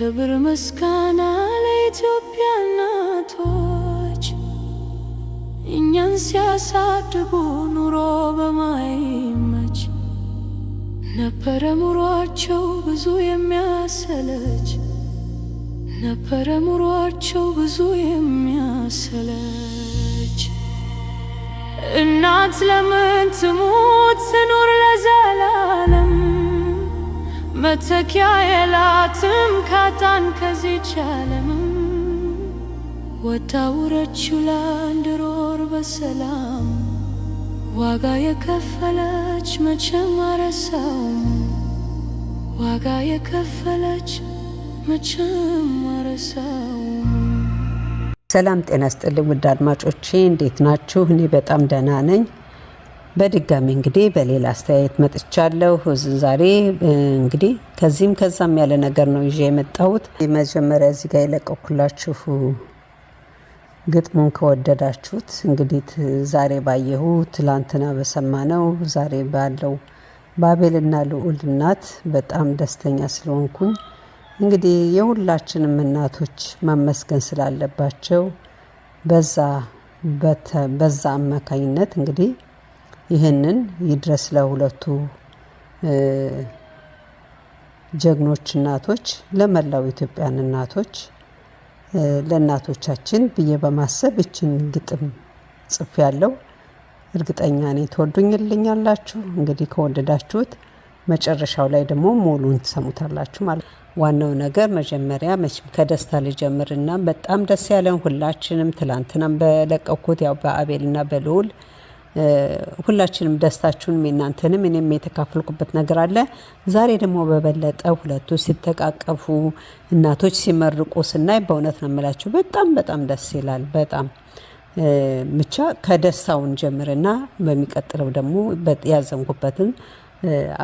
ክብር ምስጋና ለኢትዮጵያ እናቶች እኛን ሲያሳድጉ ኑሮ በማይመች ነበረ ኑሯቸው ብዙ የሚያሰለች ነበረ ኑሯቸው ብዙ የሚያሰለች። እናት ለምን ትሙት ትኑር ለዘላለም መተኪያ የላትም ካጣን ከዚች ዓለምም ወጣ ውረችው ላንድሮር በሰላም ዋጋ የከፈለች መቼም አረሳውም ዋጋ የከፈለች መቼም አረሳውም። ሰላም ጤና ስጥልኝ ውድ አድማጮቼ እንዴት ናችሁ? እኔ በጣም ደህና ነኝ። በድጋሚ እንግዲህ በሌላ አስተያየት መጥቻለሁ። ዛሬ እንግዲህ ከዚህም ከዛም ያለ ነገር ነው ይዤ የመጣሁት። መጀመሪያ እዚህ ጋር የለቀኩላችሁ ግጥሙን ከወደዳችሁት እንግዲህ ዛሬ ባየሁ ትላንትና በሰማ ነው ዛሬ ባለው ባቤልና ልዑል እናት በጣም ደስተኛ ስለሆንኩኝ እንግዲህ የሁላችንም እናቶች መመስገን ስላለባቸው በዛ በዛ አማካኝነት እንግዲህ ይህንን ይድረስ ለሁለቱ ጀግኖች እናቶች፣ ለመላው ኢትዮጵያን እናቶች፣ ለእናቶቻችን ብዬ በማሰብ ይችን ግጥም ጽፍ ያለው እርግጠኛ ነኝ ትወዱኝልኛላችሁ። እንግዲህ ከወደዳችሁት መጨረሻው ላይ ደግሞ ሙሉን ትሰሙታላችሁ ማለት ነው። ዋናው ነገር መጀመሪያ መቼም ከደስታ ልጀምርና በጣም ደስ ያለን ሁላችንም ትላንትናም በለቀኩት ያው በአቤልና በልዑል ሁላችንም ደስታችሁንም የናንተንም እኔም የተካፈልኩበት ነገር አለ። ዛሬ ደግሞ በበለጠ ሁለቱ ሲተቃቀፉ እናቶች ሲመርቁ ስናይ በእውነት ነው የምላችሁ በጣም በጣም ደስ ይላል። በጣም ብቻ ከደስታውን ጀምርና በሚቀጥለው ደግሞ ያዘንኩበትን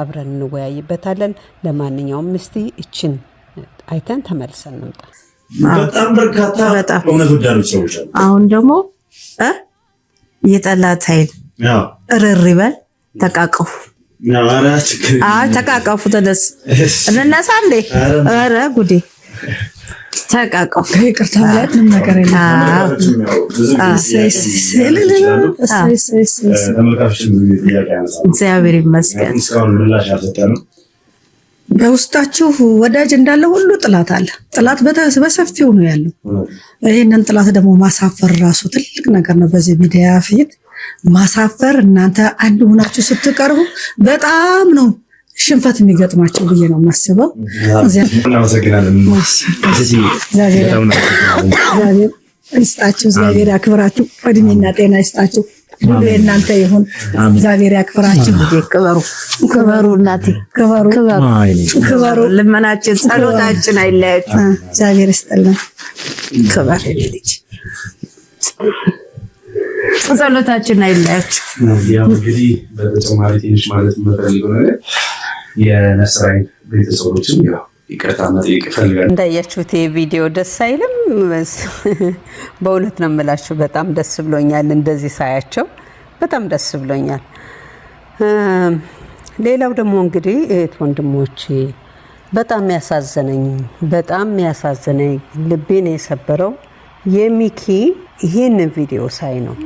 አብረን እንወያይበታለን። ለማንኛውም እስቲ እችን አይተን ተመልሰን እንምጣ። በጣም በርካታ እውነት ወዳዶች ሰዎች አሁን ደግሞ የጠላት ኃይል እርር ተቃቀፉ ተቃቀፉ። ተደስ እንነሳ እንዴ! ኧረ ጉዴ! ተቃቀፉ። ይቅርታ ምንም ነገር እግዚአብሔር ይመስገን። በውስጣችሁ ወዳጅ እንዳለ ሁሉ ጥላት አለ። ጥላት በሰፊው ነው ያለው። ይህንን ጥላት ደግሞ ማሳፈር ራሱ ትልቅ ነገር ነው በዚህ ሚዲያ ፊት ማሳፈር እናንተ አንድ ሆናችሁ ስትቀርቡ በጣም ነው ሽንፈት የሚገጥማቸው ብዬ ነው የማስበው። እግዚአብሔር ይስጣችሁ፣ እግዚአብሔር ያክብራችሁ፣ እድሜና ጤና ይስጣችሁ። እናንተ ይሁን። እግዚአብሔር ያክብራችሁ። ክበሩ ክበሩ፣ እናቴ ክበሩ ክበሩ። ልመናችን ጸሎታችን አይለያችሁ። እግዚአብሔር ይስጥልን። ክበር ልጅ ጸሎታችን አይለያችሁ። ያው እንግዲህ በተጨማሪ ትንሽ ማለት የምፈልገው ነገር የነስራይ ቤተሰቦችም ያው ይቅርታ መጠየቅ ይፈልጋል። እንዳያችሁት ቪዲዮ ደስ አይልም? በእውነት ነው የምላችሁ፣ በጣም ደስ ብሎኛል። እንደዚህ ሳያቸው በጣም ደስ ብሎኛል። ሌላው ደግሞ እንግዲህ እህት ወንድሞቼ በጣም ያሳዘነኝ በጣም ያሳዘነኝ ልቤን የሰበረው የሚኪ ይህን ቪዲዮ ሳይ ነው።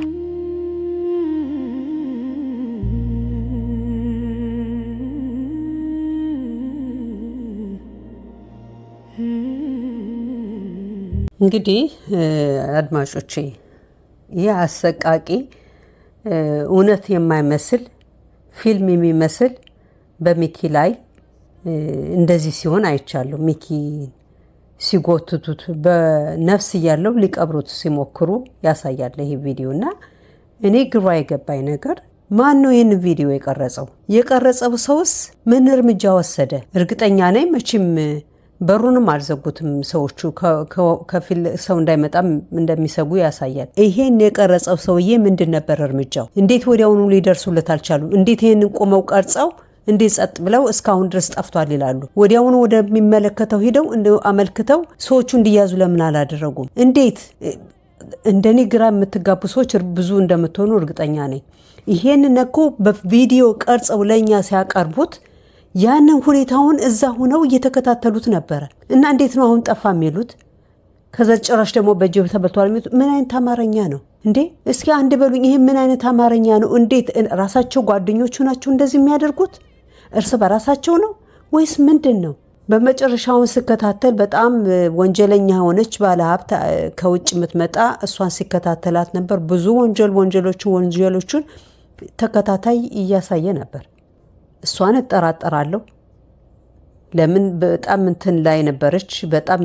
እንግዲህ አድማጮቼ ይህ አሰቃቂ እውነት የማይመስል ፊልም የሚመስል በሚኪ ላይ እንደዚህ ሲሆን አይቻለሁ። ሚኪ ሲጎትቱት በነፍስ እያለው ሊቀብሩት ሲሞክሩ ያሳያል ይህ ቪዲዮ እና እኔ ግራ የገባኝ ነገር ማን ነው ይህን ቪዲዮ የቀረጸው? የቀረጸው ሰውስ ምን እርምጃ ወሰደ? እርግጠኛ ነኝ መቼም በሩንም አልዘጉትም። ሰዎቹ ከፊል ሰው እንዳይመጣም እንደሚሰጉ ያሳያል። ይሄን የቀረጸው ሰውዬ ምንድን ነበር እርምጃው? እንዴት ወዲያውኑ ሊደርሱለት አልቻሉ? እንዴት ይህንን ቆመው ቀርጸው እንዴት ጸጥ ብለው እስካሁን ድረስ ጠፍቷል ይላሉ? ወዲያውኑ ወደሚመለከተው ሂደው አመልክተው ሰዎቹ እንዲያዙ ለምን አላደረጉም? እንዴት እንደኔ ግራ የምትጋቡ ሰዎች ብዙ እንደምትሆኑ እርግጠኛ ነኝ። ይሄንን እኮ በቪዲዮ ቀርጸው ለእኛ ሲያቀርቡት ያንን ሁኔታውን እዛ ሆነው እየተከታተሉት ነበረ እና እንዴት ነው አሁን ጠፋ የሚሉት? ከዛ ጭራሽ ደግሞ በእጅ ተበልቷል የሚሉት ምን አይነት አማርኛ ነው እንዴ? እስኪ አንድ በሉኝ፣ ይህ ምን አይነት አማርኛ ነው? እንዴት ራሳቸው ጓደኞቹ ናቸው እንደዚህ የሚያደርጉት? እርስ በራሳቸው ነው ወይስ ምንድን ነው? በመጨረሻውን ስከታተል በጣም ወንጀለኛ ሆነች ባለሀብት ከውጭ የምትመጣ እሷን ሲከታተላት ነበር። ብዙ ወንጀል ወንጀሎቹ ወንጀሎቹን ተከታታይ እያሳየ ነበር። እሷን እጠራጠራለሁ። ለምን በጣም እንትን ላይ ነበረች፣ በጣም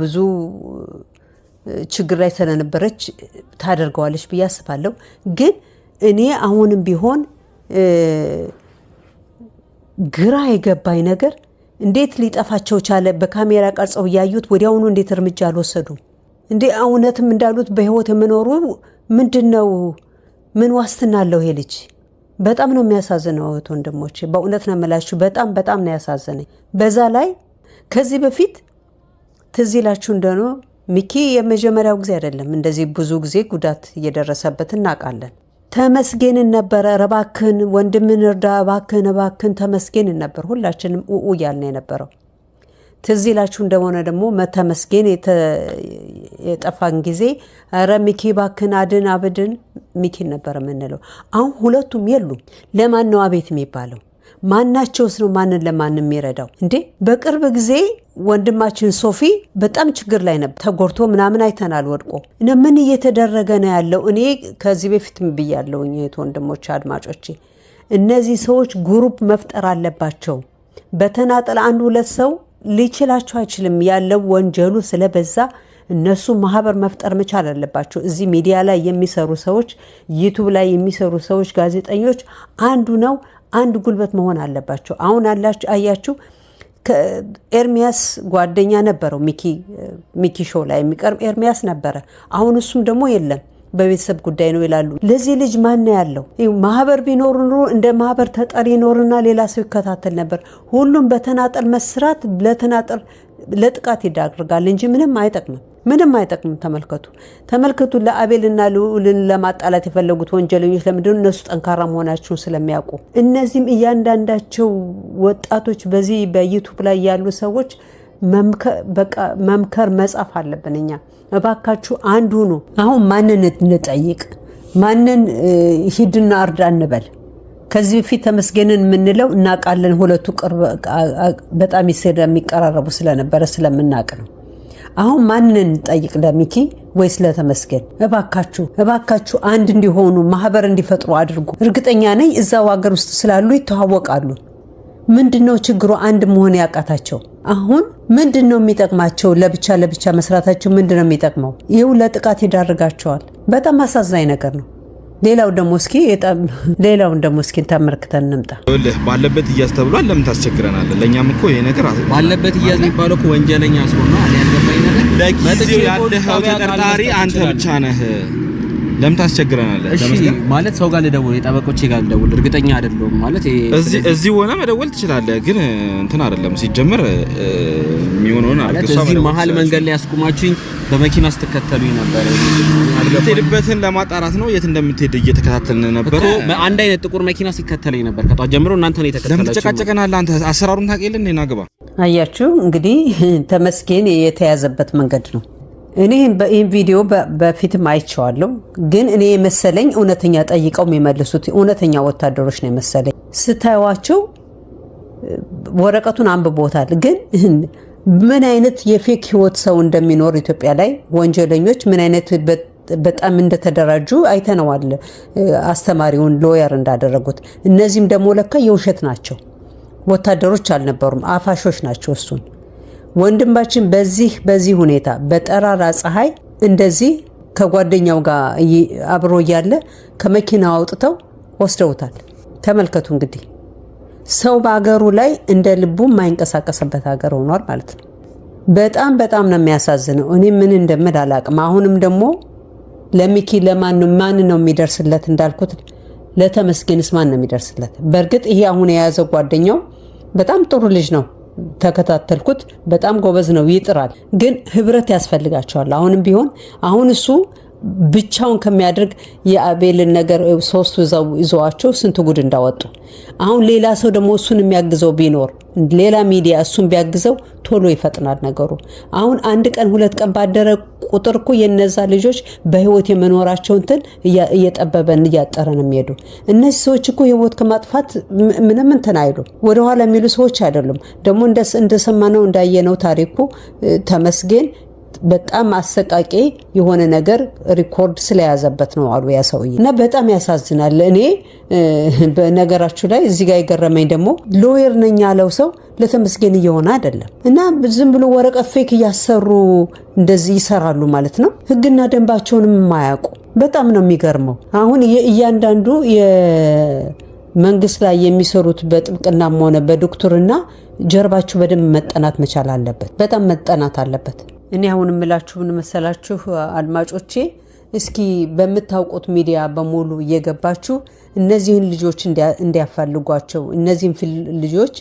ብዙ ችግር ላይ ስለነበረች ታደርገዋለች ብዬ አስባለሁ። ግን እኔ አሁንም ቢሆን ግራ የገባኝ ነገር እንዴት ሊጠፋቸው ቻለ? በካሜራ ቀርጸው እያዩት ወዲያውኑ እንዴት እርምጃ አልወሰዱም? እንዴ እውነትም እንዳሉት በህይወት የምኖሩ ምንድን ነው? ምን ዋስትና አለው ይሄ ልጅ? በጣም ነው የሚያሳዝነው እህት ወንድሞቼ፣ በእውነት ነው የምላችሁ። በጣም በጣም ነው ያሳዝነኝ። በዛ ላይ ከዚህ በፊት ትዝ ይላችሁ እንደሆነ ሚኪ የመጀመሪያው ጊዜ አይደለም እንደዚህ ብዙ ጊዜ ጉዳት እየደረሰበት እናውቃለን። ተመስገንን ነበረ ረባክን ወንድምን እርዳ ባክን ባክን ተመስገንን ነበር ሁላችንም ኡ እያልን የነበረው ትዝ ይላችሁ እንደሆነ ደግሞ መተመስገን የጠፋን ጊዜ ረ ሚኪ ባክን አድን አብድን ሚኪን ነበር የምንለው። አሁን ሁለቱም የሉም። ለማን ነው አቤት የሚባለው? ማናቸውስ ነው ማንን ለማን የሚረዳው እንዴ? በቅርብ ጊዜ ወንድማችን ሶፊ በጣም ችግር ላይ ነበር። ተጎድቶ ምናምን አይተናል ወድቆ። ምን እየተደረገ ነው ያለው? እኔ ከዚህ በፊት ብያለሁ እህት ወንድሞች፣ አድማጮቼ እነዚህ ሰዎች ግሩፕ መፍጠር አለባቸው። በተናጠል አንድ ሁለት ሰው ሊችላቸው አይችልም ያለው ወንጀሉ ስለበዛ እነሱ ማህበር መፍጠር መቻል አለባቸው። እዚህ ሚዲያ ላይ የሚሰሩ ሰዎች፣ ዩቱብ ላይ የሚሰሩ ሰዎች፣ ጋዜጠኞች አንዱ ነው አንድ ጉልበት መሆን አለባቸው። አሁን አያችሁ ኤርሚያስ ጓደኛ ነበረው ሚኪ ሾው ላይ የሚቀርብ ኤርሚያስ ነበረ። አሁን እሱም ደግሞ የለም። በቤተሰብ ጉዳይ ነው ይላሉ። ለዚህ ልጅ ማን ያለው? ማህበር ቢኖር ኑሮ እንደ ማህበር ተጠሪ ይኖርና ሌላ ሰው ይከታተል ነበር። ሁሉም በተናጠል መስራት ለተናጠል ለጥቃት ይዳርጋል እንጂ ምንም አይጠቅምም። ምንም አይጠቅምም። ተመልከቱ ተመልከቱ። ለአቤልና ልዑልን ለማጣላት የፈለጉት ወንጀለኞች ለምድ እነሱ ጠንካራ መሆናቸውን ስለሚያውቁ። እነዚህም እያንዳንዳቸው ወጣቶች በዚህ በዩቱብ ላይ ያሉ ሰዎች በቃ መምከር መጻፍ አለብን እኛ እባካችሁ አንዱ ነው። አሁን ማንን እንጠይቅ? ማንን ሂድና እርዳ እንበል? ከዚህ በፊት ተመስገንን የምንለው እናውቃለን። ሁለቱ በጣም የሚቀራረቡ ስለነበረ ስለምናውቅ ነው። አሁን ማንን እንጠይቅ? ለሚኪ ወይስ ለተመስገን? እባካችሁ እባካችሁ አንድ እንዲሆኑ ማህበር እንዲፈጥሩ አድርጉ። እርግጠኛ ነኝ እዛው ሀገር ውስጥ ስላሉ ይተዋወቃሉ። ምንድነው ችግሩ? አንድ መሆን ያቃታቸው አሁን ምንድን ነው የሚጠቅማቸው? ለብቻ ለብቻ መስራታቸው ምንድን ነው የሚጠቅመው? ይው ለጥቃት ይዳርጋቸዋል። በጣም አሳዛኝ ነገር ነው። ሌላው ደግሞ እስኪ ሌላውን ደግሞ እስኪ ተመልክተን እንምጣ። ባለበት እያዝ ተብሏል። ለምን ታስቸግረናለህ? ለእኛም እኮ ይሄ ነገር ባለበት እያዝ የሚባለው እኮ ወንጀለኛ ስለሆነ ያልገባኝ ነገር ለጊዜው ያለኸው ተጠርጣሪ አንተ ብቻ ነህ። ለምን ታስቸግረናለህ? እሺ ማለት ሰው ጋር ልደውል፣ የጠበቆቼ ጋር ልደውል፣ እርግጠኛ አይደለሁም ማለት እዚህ ሆነ መደወል ትችላለህ፣ ግን እንትን አይደለም ሲጀምር የሚሆነውን አድርገህ እዚህ መሀል መንገድ ላይ አስቁማችሁኝ በመኪና ስትከተሉኝ ነበር። የምትሄድበትን ለማጣራት ነው፣ የት እንደምትሄድ እየተከታተልን ነበር። አንድ አይነት ጥቁር መኪና ሲከተለኝ ነበር ከጧት ጀምሮ። እናንተ ነው የተከተላችሁ። ለምን ተጨቃጨቀናል? አንተ አሰራሩን ታውቅ የለ እንዴ? ና አያችሁ እንግዲህ ተመስገን የተያዘበት መንገድ ነው። እኔ ይህን ቪዲዮ በፊትም አይቼዋለሁ፣ ግን እኔ የመሰለኝ እውነተኛ ጠይቀው የሚመልሱት እውነተኛ ወታደሮች ነው የመሰለኝ። ስታዩዋቸው ወረቀቱን አንብቦታል፣ ግን ምን አይነት የፌክ ህይወት ሰው እንደሚኖር ኢትዮጵያ ላይ ወንጀለኞች ምን አይነት በጣም እንደተደራጁ አይተነዋል። አስተማሪውን ሎየር እንዳደረጉት እነዚህም ደግሞ ለካ የውሸት ናቸው፣ ወታደሮች አልነበሩም፣ አፋሾች ናቸው እሱን ወንድማችን በዚህ በዚህ ሁኔታ በጠራራ ፀሐይ እንደዚህ ከጓደኛው ጋር አብሮ እያለ ከመኪና አውጥተው ወስደውታል። ተመልከቱ እንግዲህ ሰው በአገሩ ላይ እንደ ልቡ የማይንቀሳቀስበት ሀገር ሆኗል ማለት ነው። በጣም በጣም ነው የሚያሳዝነው። እኔ ምን እንደምል አላቅም። አሁንም ደግሞ ለሚኪ ለማን ማን ነው የሚደርስለት እንዳልኩት ለተመስገንስ ማን ነው የሚደርስለት? በእርግጥ ይሄ አሁን የያዘው ጓደኛው በጣም ጥሩ ልጅ ነው። ተከታተልኩት። በጣም ጎበዝ ነው፣ ይጥራል። ግን ህብረት ያስፈልጋቸዋል። አሁንም ቢሆን አሁን እሱ ብቻውን ከሚያደርግ የአቤልን ነገር ሶስቱ ይዘዋቸው ስንት ጉድ እንዳወጡ። አሁን ሌላ ሰው ደግሞ እሱን የሚያግዘው ቢኖር ሌላ ሚዲያ እሱን ቢያግዘው ቶሎ ይፈጥናል ነገሩ። አሁን አንድ ቀን ሁለት ቀን ባደረ ቁጥር እኮ የነዛ ልጆች በህይወት የመኖራቸው እንትን እየጠበበን እያጠረ ነው የሚሄዱ። እነዚህ ሰዎች እኮ ህይወት ከማጥፋት ምንም እንትን አይሉ ወደኋላ የሚሉ ሰዎች አይደሉም። ደግሞ እንደሰማነው እንዳየነው ታሪኩ ተመስገን በጣም አሰቃቂ የሆነ ነገር ሪኮርድ ስለያዘበት ነው አሉ ያ ሰውዬ እና በጣም ያሳዝናል። እኔ በነገራችሁ ላይ እዚህ ጋር የገረመኝ ደግሞ ሎየር ነኝ ያለው ሰው ለተመስገን እየሆነ አይደለም እና ዝም ብሎ ወረቀት ፌክ እያሰሩ እንደዚህ ይሰራሉ ማለት ነው። ህግና ደንባቸውንም የማያውቁ በጣም ነው የሚገርመው። አሁን እያንዳንዱ መንግስት ላይ የሚሰሩት በጥብቅናም ሆነ በዶክትርና ጀርባችሁ በደንብ መጠናት መቻል አለበት። በጣም መጠናት አለበት። እኔ አሁን የምላችሁ ምን መሰላችሁ አድማጮቼ፣ እስኪ በምታውቁት ሚዲያ በሙሉ እየገባችሁ እነዚህን ልጆች እንዲያፈልጓቸው እነዚህን ልጆች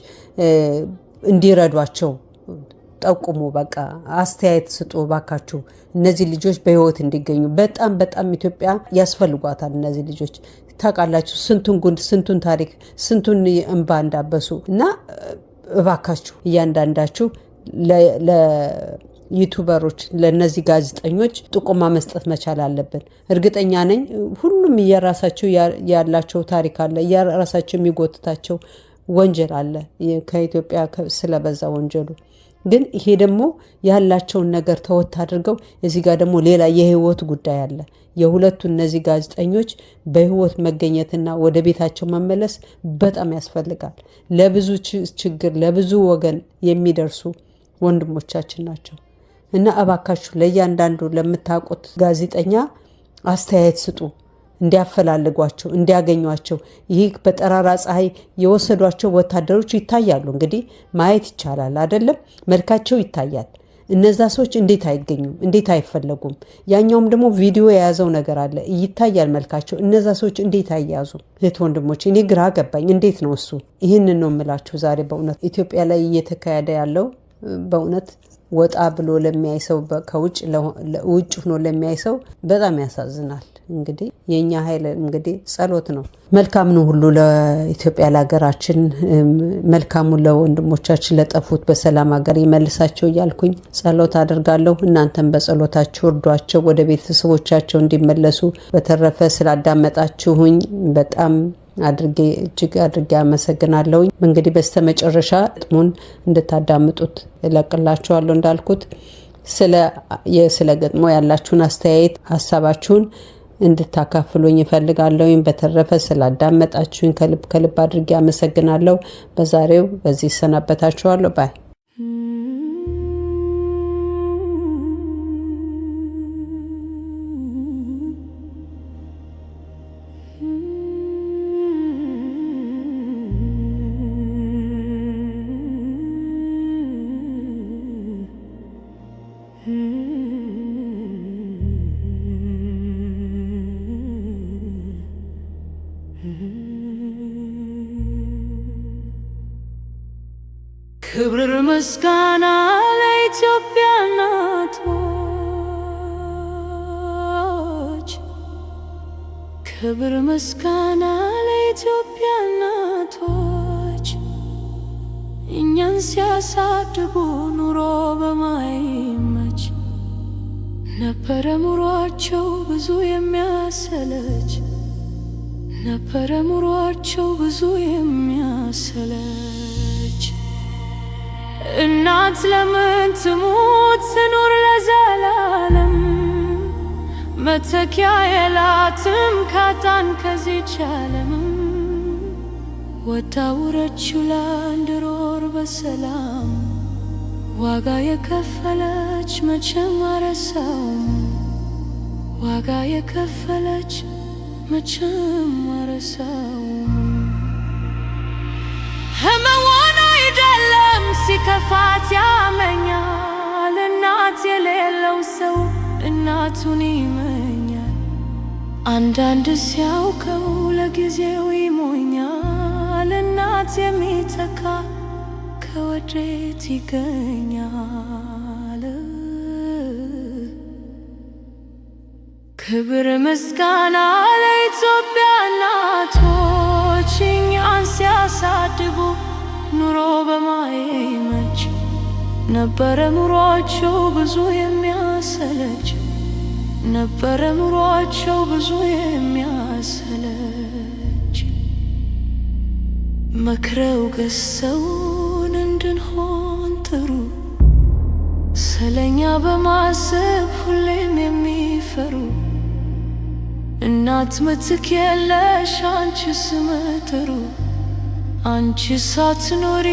እንዲረዷቸው ጠቁሙ። በቃ አስተያየት ስጡ ባካችሁ፣ እነዚህ ልጆች በህይወት እንዲገኙ። በጣም በጣም ኢትዮጵያ ያስፈልጓታል እነዚህ ልጆች። ታውቃላችሁ ስንቱን ጉንድ፣ ስንቱን ታሪክ፣ ስንቱን እንባ እንዳበሱ እና እባካችሁ እያንዳንዳችሁ ዩቱበሮች ለእነዚህ ጋዜጠኞች ጥቆማ መስጠት መቻል አለብን። እርግጠኛ ነኝ ሁሉም እየራሳቸው ያላቸው ታሪክ አለ፣ እየራሳቸው የሚጎትታቸው ወንጀል አለ። ከኢትዮጵያ ስለበዛ ወንጀሉ ግን ይሄ ደግሞ ያላቸውን ነገር ተወት አድርገው እዚህ ጋር ደግሞ ሌላ የህይወት ጉዳይ አለ። የሁለቱ እነዚህ ጋዜጠኞች በህይወት መገኘትና ወደ ቤታቸው መመለስ በጣም ያስፈልጋል። ለብዙ ችግር ለብዙ ወገን የሚደርሱ ወንድሞቻችን ናቸው። እና እባካችሁ ለእያንዳንዱ ለምታውቁት ጋዜጠኛ አስተያየት ስጡ እንዲያፈላልጓቸው እንዲያገኟቸው። ይህ በጠራራ ፀሐይ የወሰዷቸው ወታደሮች ይታያሉ። እንግዲህ ማየት ይቻላል አይደለም? መልካቸው ይታያል። እነዛ ሰዎች እንዴት አይገኙም? እንዴት አይፈለጉም? ያኛውም ደግሞ ቪዲዮ የያዘው ነገር አለ፣ ይታያል መልካቸው። እነዛ ሰዎች እንዴት አያዙ? እህት ወንድሞች፣ እኔ ግራ ገባኝ። እንዴት ነው እሱ? ይህንን ነው የምላችሁ ዛሬ በእውነት ኢትዮጵያ ላይ እየተካሄደ ያለው በእውነት ወጣ ብሎ ለሚያይ ሰው ከውጭ ውጭ ሆኖ ለሚያይ ሰው በጣም ያሳዝናል። እንግዲህ የእኛ ኃይል እንግዲህ ጸሎት ነው። ነው ሁሉ ለኢትዮጵያ ለሀገራችን፣ መልካሙ ለወንድሞቻችን ለጠፉት በሰላም ሀገር ይመልሳቸው እያልኩኝ ጸሎት አድርጋለሁ። እናንተም በጸሎታችሁ እርዷቸው፣ ወደ ቤተሰቦቻቸው እንዲመለሱ። በተረፈ ስላዳመጣችሁኝ በጣም አድርጌ እጅግ አድርጌ አመሰግናለሁ። እንግዲህ በስተመጨረሻ ጥሙን እንድታዳምጡት እለቅላችኋለሁ። እንዳልኩት ስለ ገጥሞ ያላችሁን አስተያየት ሀሳባችሁን እንድታካፍሉኝ እፈልጋለሁኝ። በተረፈ ስላዳመጣችሁኝ ከልብ ከልብ አድርጌ አመሰግናለሁ። በዛሬው በዚህ ይሰናበታችኋለሁ ባይ ምስጋና ለኢትዮጵያ እናቶች፣ ክብር ምስጋና ለኢትዮጵያ እናቶች፣ እኛን ሲያሳድጉ ኑሮ በማይመች ነበረ ኑሯቸው ብዙ የሚያሰለች ነበረ ኑሯቸው ብዙ የሚያሰለች እናት ለምን ትሙት ትኑር ለዘላለም መተኪያ የላትም ካጣን ከዚች ዓለም ወታ ውረችው ላንድሮር በሰላም ዋጋ የከፈለች መቼም አረሳውም ዋጋ የከፈለች መቼም አረሳውም ሲከፋት ያመኛል። እናት የሌለው ሰው እናቱን ይመኛል። አንዳንድ ሲያውቀው ለጊዜው ይሞኛል። እናት የሚተካ ከወዴት ይገኛል? ክብር ምስጋና ለኢትዮጵያ እናቶች እኛን ሲያሳድጉ ኑሮ በማይመች ነበረ ኑሯቸው ብዙ የሚያሰለች ነበረ ኑሯቸው ብዙ የሚያሰለች መክረው ገሰውን እንድንሆን ጥሩ ስለኛ በማሰብ ሁሌም የሚፈሩ እናት ምትክ የለሽ አንቺ ስመጥሩ አንቺ ሳትኖሪ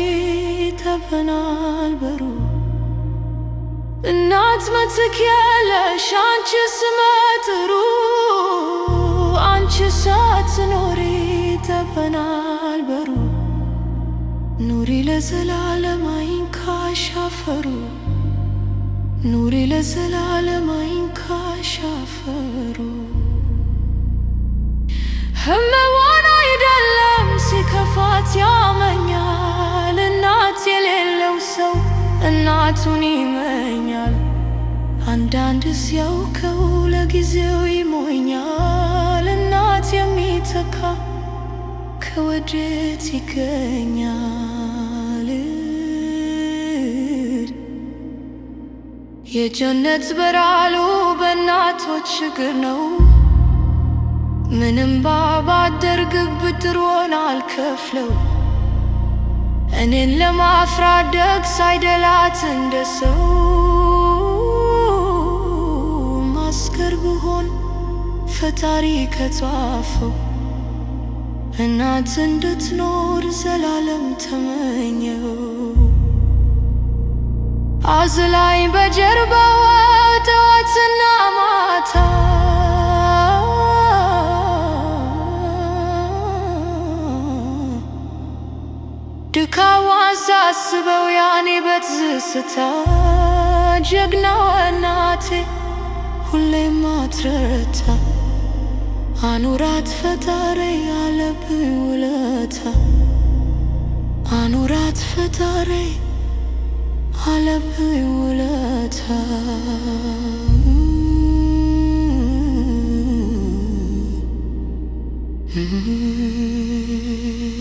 ተፈናልበሩ እናት መትክያለሽ አንቺ ስመጥሩ አንቺ ሳትኖሪ ተፈናልበሩ ኑሪ ለዘላለም አይንካሽ አፈሩ ኑሪ ለዘላለም አይንካሽ አፈሩ እናቱን ይመኛል። አንዳንድ ሲያውከው ለጊዜው ይሞኛል። እናት የሚተካ ከወዴት ይገኛል? የጀነት በራሉ በእናቶች እግር ነው። ምንም ባባደርግ ብድር ሆና አልከፍለው እኔን ለማፍራት ሳይደላት እንደ ሰው ማስከር ብሆን ፈታሪ ከጻፈው እናት እንድትኖር ዘላለም ተመኘው። አዝላኝ በጀርባዋ ጠዋትና ማታ ድካሟን ሳስበው ያኔ በትዝታ ጀግናዋ እናቴ ሁሌ ማትረታ አኑራት ፈጣሪ ያለብኝ ውለታ አኑራት ፈጣሪ አለብኝ ውለታ Mm-hmm.